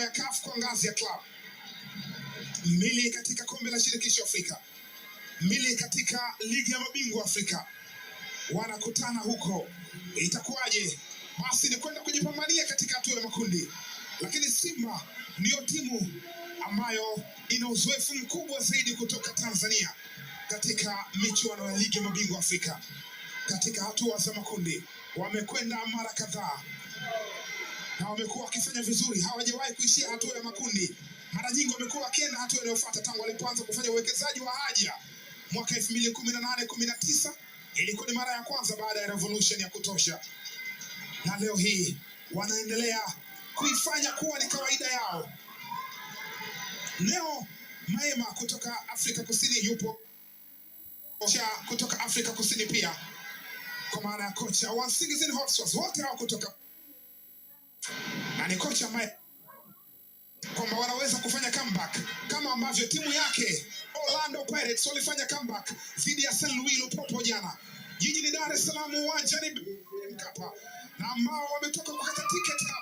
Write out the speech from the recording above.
ya CAF kwa ngazi ya klabu mbili katika kombe la shirikisho Afrika, mbili katika ligi ya mabingwa Afrika, wanakutana huko, itakuwaje? Basi ni kwenda kujipambania katika hatua ya makundi, lakini Simba ndiyo timu ambayo ina uzoefu mkubwa zaidi kutoka Tanzania katika michuano ya ligi ya mabingwa Afrika. Katika hatua za makundi wamekwenda mara kadhaa na wamekuwa wakifanya vizuri, hawajawahi kuishia hatua ya makundi. Mara nyingi wamekuwa wakienda hatua inayofuata tangu walipoanza kufanya uwekezaji wa haja mwaka 2018 19 ilikuwa ni mara ya kwanza baada ya revolution ya kutosha, na leo hii wanaendelea kuifanya kuwa ni kawaida yao. Leo Maema kutoka Afrika Kusini yupo kocha kutoka Afrika Kusini pia, kwa maana ya kocha wa Singizini Hotspurs, wote hao kutoka ni kocha ambaye kwamba wanaweza kufanya comeback kama ambavyo timu yake Orlando Pirates walifanya comeback dhidi ya St. Louis Lupopo jana jijini Dar es Salaam, uwanja ni Mkapa, na ambao wametoka kukata tiketi hapa.